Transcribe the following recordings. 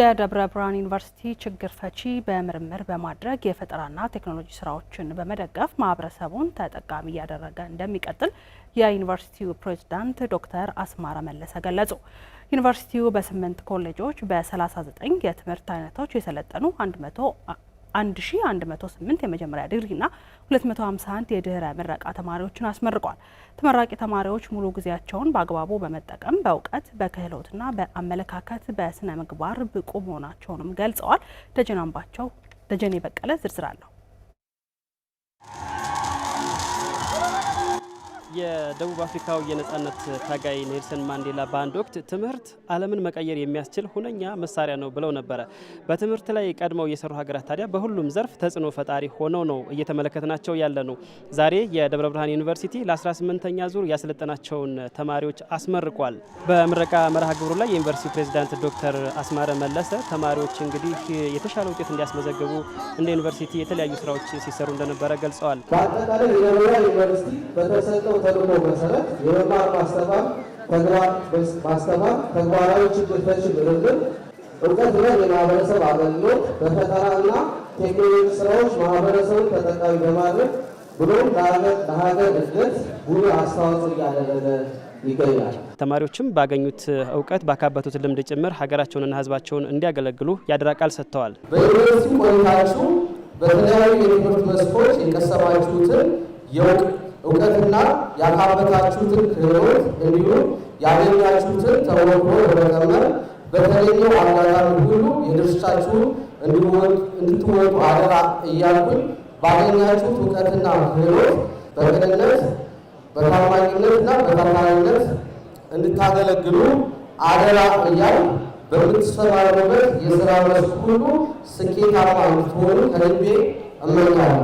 የደብረ ብርሃን ዩኒቨርሲቲ ችግር ፈቺ በምርምር በማድረግ የፈጠራና ቴክኖሎጂ ስራዎችን በመደገፍ ማህበረሰቡን ተጠቃሚ እያደረገ እንደሚቀጥል የዩኒቨርሲቲው ፕሬዚዳንት ዶክተር አስማረ መለሰ ገለጹ። ዩኒቨርሲቲው በስምንት ኮሌጆች በ39 የትምህርት አይነቶች የሰለጠኑ 1 1108 የመጀመሪያ ዲግሪና 251 የድህረ ምረቃ ተማሪዎችን አስመርቋል። ተመራቂ ተማሪዎች ሙሉ ጊዜያቸውን በአግባቡ በመጠቀም በእውቀት በክህሎትና በአመለካከት በስነ ምግባር ብቁ መሆናቸውንም ገልጸዋል። ደጀን አምባቸው ደጀኔ በቀለ ዝርዝር አለሁ የደቡብ አፍሪካው የነጻነት ታጋይ ኔልሰን ማንዴላ በአንድ ወቅት ትምህርት ዓለምን መቀየር የሚያስችል ሁነኛ መሳሪያ ነው ብለው ነበረ። በትምህርት ላይ ቀድመው የሰሩ ሀገራት ታዲያ በሁሉም ዘርፍ ተጽዕኖ ፈጣሪ ሆነው ነው እየተመለከትናቸው ያለ ነው። ዛሬ የደብረ ብርሃን ዩኒቨርሲቲ ለ18ኛ ዙር ያሰለጠናቸውን ተማሪዎች አስመርቋል። በምረቃ መርሃ ግብሩ ላይ የዩኒቨርሲቲ ፕሬዚዳንት ዶክተር አስማረ መለሰ ተማሪዎች እንግዲህ የተሻለ ውጤት እንዲያስመዘግቡ እንደ ዩኒቨርሲቲ የተለያዩ ስራዎች ሲሰሩ እንደነበረ ገልጸዋል። በአጠቃላይ የደብረ ብርሃን ዩኒቨርሲቲ በተሰጠው ተልዕኮ መሰረት የመማር ማስተማር ተግባር ማስተማር ተግባራዊ ችግር ፈቺ ምርምር፣ እውቀት ላይ የማህበረሰብ አገልግሎት በፈጠራና ቴክኖሎጂ ስራዎች ማህበረሰቡን ተጠቃሚ በማድረግ ብሎም ለሀገር እድገት ጉልህ አስተዋጽኦ እያደረገ ይገኛል። ተማሪዎችም ባገኙት እውቀት ባካበቱት ልምድ ጭምር ሀገራቸውንና ሕዝባቸውን እንዲያገለግሉ ያደራ ቃል ሰጥተዋል። በዩኒቨርሲቲ ቆይታችሁ በተለያዩ የትምህርት መስኮች የቀሰማችሁትን እውቀትና ያካበታችሁትን ክህሎት እንዲሁም ያገኛችሁትን ተሞክሮ በመቀመር በተለየው አጋጣሚ ሁሉ የድርሻችሁን እንድትወጡ አደራ እያልኩኝ ባገኛችሁት እውቀትና ክህሎት በቅንነት በታማኝነትና በታታሪነት እንድታገለግሉ አደራ እያል በምትሰማሩበት የስራ መስክ ሁሉ ስኬታማ እንድትሆኑ ከልቤ እመኛለሁ።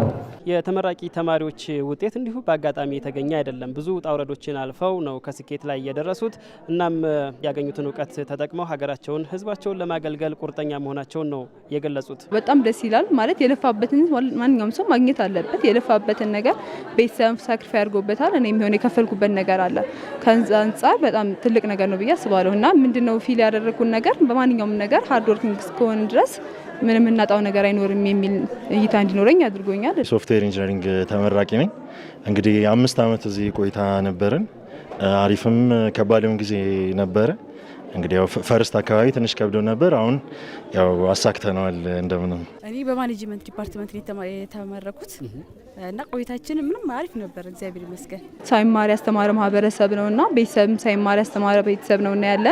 የተመራቂ ተማሪዎች ውጤት እንዲሁ በአጋጣሚ የተገኘ አይደለም። ብዙ ውጣ ውረዶችን አልፈው ነው ከስኬት ላይ የደረሱት። እናም ያገኙትን እውቀት ተጠቅመው ሀገራቸውን፣ ህዝባቸውን ለማገልገል ቁርጠኛ መሆናቸውን ነው የገለጹት። በጣም ደስ ይላል። ማለት የለፋበትን ማንኛውም ሰው ማግኘት አለበት። የለፋበትን ነገር ቤተሰብ ሳክሪፋይ አድርጎበታል። እኔ የሚሆን የከፈልኩበት ነገር አለ። ከዛ አንጻር በጣም ትልቅ ነገር ነው ብዬ አስባለሁ እና ምንድነው ፊል ያደረግኩን ነገር በማንኛውም ነገር ሀርድ ወርኪንግ እስከሆን ድረስ ምንም እናጣው ነገር አይኖርም የሚል እይታ እንዲኖረኝ አድርጎኛል። ሶፍትዌር ኢንጂነሪንግ ተመራቂ ነኝ። እንግዲህ አምስት ዓመት እዚህ ቆይታ ነበረን። አሪፍም ከባድም ጊዜ ነበረ። እንግዲህ ያው ፈርስት አካባቢ ትንሽ ከብዶ ነበር። አሁን ያው አሳክተነዋል እንደምንም። እኔ በማኔጅመንት ዲፓርትመንት የተመረኩት እና ቆይታችን ምንም አሪፍ ነበር እግዚአብሔር ይመስገን። ሳይማር ያስተማረ ማህበረሰብ ነው እና ቤተሰብም ሳይማር ያስተማረ ቤተሰብ ነው እና ያለ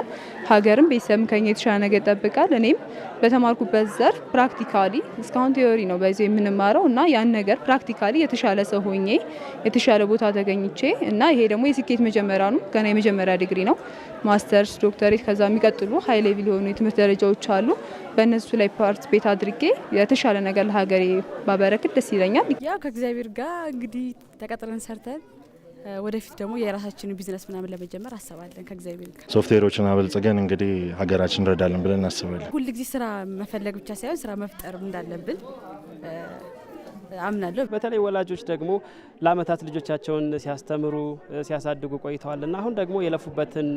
ሀገርም ቤተሰብም ከኛ የተሻለ ነገር ይጠብቃል። እኔም በተማርኩበት ዘርፍ ፕራክቲካሊ እስካሁን ቴዎሪ ነው በዚ የምንማረው እና ያን ነገር ፕራክቲካሊ የተሻለ ሰው ሆኜ የተሻለ ቦታ ተገኝቼ እና ይሄ ደግሞ የስኬት መጀመሪያ ነው። ገና የመጀመሪያ ዲግሪ ነው ማስተርስ ዶክተሬት ከዛ የሚቀጥሉ ሀይ ሌቭል የሆኑ የትምህርት ደረጃዎች አሉ። በእነሱ ላይ ፓርቲስፔት አድርጌ የተሻለ ነገር ለሀገሬ ባበረክት ደስ ይለኛል። ያው ከእግዚአብሔር ጋር እንግዲህ ተቀጥረን ሰርተን ወደፊት ደግሞ የራሳችንን ቢዝነስ ምናምን ለመጀመር አስባለን። ከእግዚአብሔር ጋር ሶፍትዌሮችን አበልጽገን እንግዲህ ሀገራችን እንረዳለን ብለን እናስባለን። ሁልጊዜ ስራ መፈለግ ብቻ ሳይሆን ስራ መፍጠር እንዳለብን አምናለሁ። በተለይ ወላጆች ደግሞ ለአመታት ልጆቻቸውን ሲያስተምሩ ሲያሳድጉ ቆይተዋልና አሁን ደግሞ የለፉበትን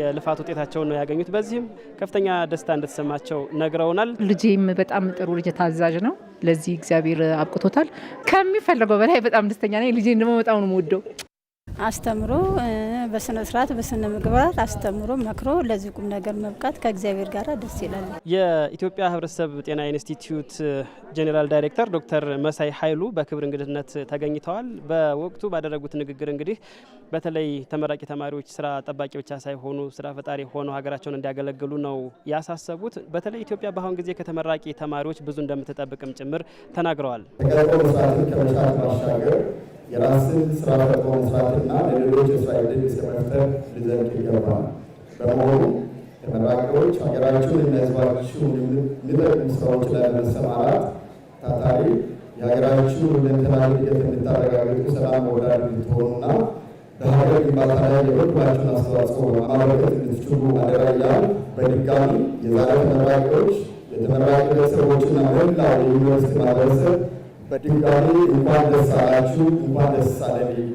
የልፋት ውጤታቸውን ነው ያገኙት። በዚህም ከፍተኛ ደስታ እንደተሰማቸው ነግረውናል። ልጄም በጣም ጥሩ ልጅ ታዛዥ ነው። ለዚህ እግዚአብሔር አብቅቶታል። ከሚፈልገው በላይ በጣም ደስተኛ ነኝ። ልጄን ደግሞ በጣም ነው የምወደው። አስተምሮ በስነ ስርዓት በስነ ምግባራት አስተምሮ መክሮ ለዚህ ቁም ነገር መብቃት ከእግዚአብሔር ጋር ደስ ይላል። የኢትዮጵያ ህብረተሰብ ጤና ኢንስቲትዩት ጄኔራል ዳይሬክተር ዶክተር መሳይ ኃይሉ በክብር እንግድነት ተገኝተዋል። በወቅቱ ባደረጉት ንግግር እንግዲህ በተለይ ተመራቂ ተማሪዎች ስራ ጠባቂ ብቻ ሳይሆኑ ስራ ፈጣሪ ሆነው ሀገራቸውን እንዲያገለግሉ ነው ያሳሰቡት። በተለይ ኢትዮጵያ በአሁን ጊዜ ከተመራቂ ተማሪዎች ብዙ እንደምትጠብቅም ጭምር ተናግረዋል። የራስን ስራ ፈጥሮ መስራትና ለሌሎች የስራ ዕድል እስከ መፍጠር ሊዘልቅ ይገባል። በመሆኑ ተመራቂዎች ሀገራችሁን እና ሕዝባችሁን የሚጠቅሙ ስራዎች ላይ በመሰማራት ታታሪ የሀገራችሁን ሁለንተናዊ እድገት እንድታረጋግጡ ሰላም ወዳድ እንድትሆኑና በሀገር ግንባታ ላይ የበኩላችሁን አስተዋጽኦ በማበረከት እንድትችሉ አደራ እያል በድጋሚ የዛሬ ተመራቂዎች የተመራቂ ቤተሰቦችና መላው የዩኒቨርሲቲ ማህበረሰብ በድጋሚ እንኳን ደስ አላችሁ፣ እንኳን ደስ አለን።